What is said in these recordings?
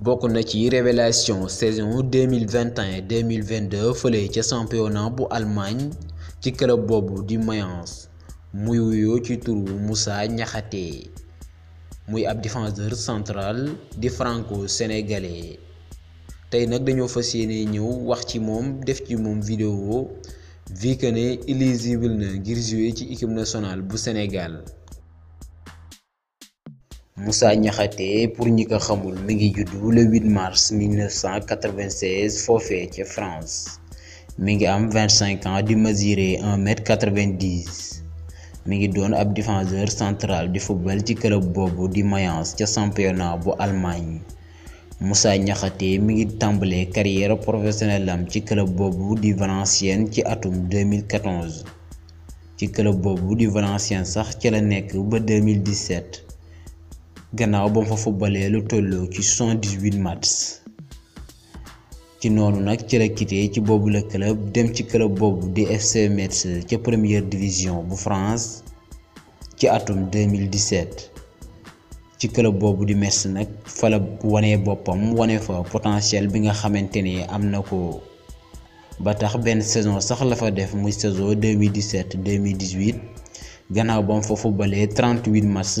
bokk na ci révélation saison 2021 2022 fële ca championnat bu Allemagne ci club boobu di Mayence muy wuyoo ci turu Moussa Niakhaté muy ab défenseur centrale di franco-sénégalais tey nag dañoo fa yéene ñëw wax ci moom def ci moom vidéo vu que ne éligible na ngir jouer ci équipe nationale bu Sénégal Moussa pour ñi ko xamul mi le 8 mars 1996 fofé France mi ngi am 25 ans di mesurer 1 mètre 90 mi ngi défenseur central di football ci club bobo di Mayence ci championnat bu Allemagne Moussa Niakhaté mi ngi carrière professionnelle am ci club bobu di Valenciennes ci atum 2014 ci club bobu di Valenciennes sax ci la 2017. Ganaaw ba fa footballee lu tolloo ci 78 matchs ci noonu nag ci la quitté ci boobu la club dem ci club boobu di FC Metz ca première division bu France ci atum 2017 ci club boobu di Metz nag fa la wane boppam wane fa potentiel bi nga xamante ni am na ko ba tax benn saison sax la fa def muy saison 2017 2018 gannaaw ba mu fa footballee 38 matchs.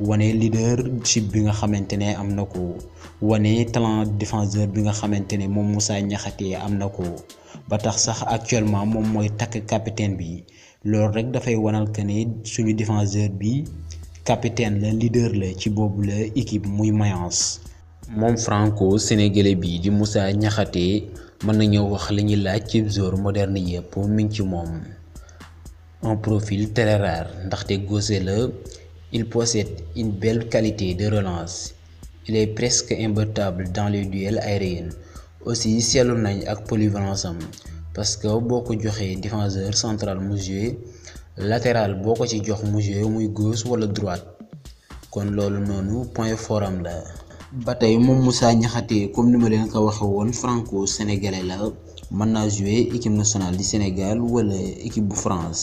wane leadership bi nga xamante ne am na ko wane talent défenseur bi nga xamante ne moom Moussa Niakhaté am na ko ba tax sax actuellement moom mooy takk capitaine bi loolu rek dafay wanal que ne suñu défenseur bi capitaine la leader la ci boobu la équipe muy Mayence. moom franco sénégalais bi di Moussa Niakhaté mën nañoo wax li ñuy laaj ci joueur moderne yëpp mi ngi ci moom un profil très ndaxte gaucher la Il possède une belle qualité de relance. Il est presque imbattable dans les duels aériens. aussi à nañ avec polyvalence parce que beaucoup de défenseur central mu latéral boo ci jox ou gauche ou droite kon loolu noonu point fort la. bataille est très Moussa comme ni ma dit, ko franco sénégalais la mën jouer équipe nationale du Sénégal wala l'équipe de France.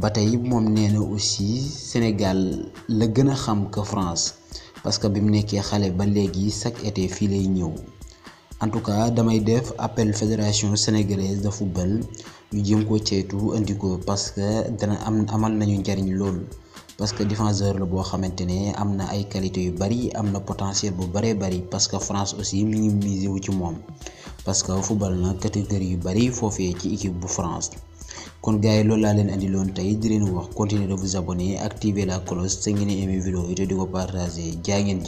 ba tey moom nee na aussi Sénégal le gën a xam que France parce que bi mu nekkee xale ba léegi chaque été fii lay ñëw en tout cas damay def appel fédération sénégalaise de football ñu jëm ko ceytu indi ko parce que dana am amal nañu njariñ lool parce que défenseur la boo xamante ne am na ay qualité yu bari am potentiel bu baree bari parce que France aussi mi ngi misé wu ci moom parce que football na catégorie yu bari foofee ci équipe bu France kon gars yi loolu laa leen andi loon tey di leen continuez de vous abonner activer la cloche te ngeen di vidéo yi te di ko partager jaa ngeen